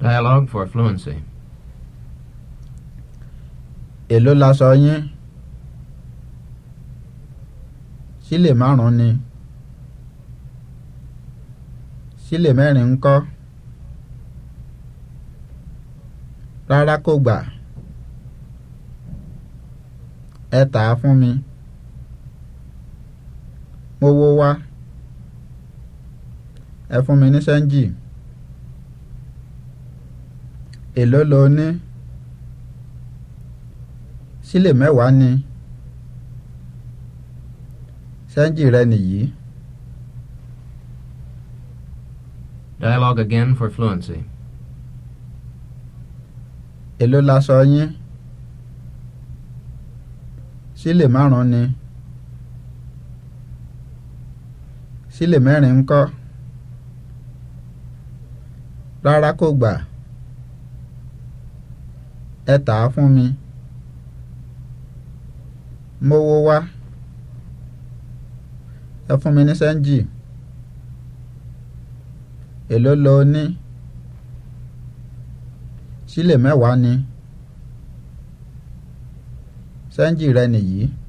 Dialogue for fluency. Èló laṣọ yín? Sílè márùn-ún ni. Sílè mẹ́rin ń kọ́. Rárá kò gbà. Ẹ tà á fún mi. Mo wo wá. Ẹ fún mi ní sẹ́ńjì èló lo ní sílè mẹ́wàá ni sẹ́ńjì rẹ nìyí. Dialogue again for fluency. Èló la sọ yín? Sílè márùn-ún ni. Sílè mẹ́rin ń kọ́. Rárá kò gbà ẹ tà á fún mi mówó wá ẹ fún mi ní sẹ́ńjì èló lo ní sílè mẹ́wàá ni sẹ́ńjì rẹ nìyí.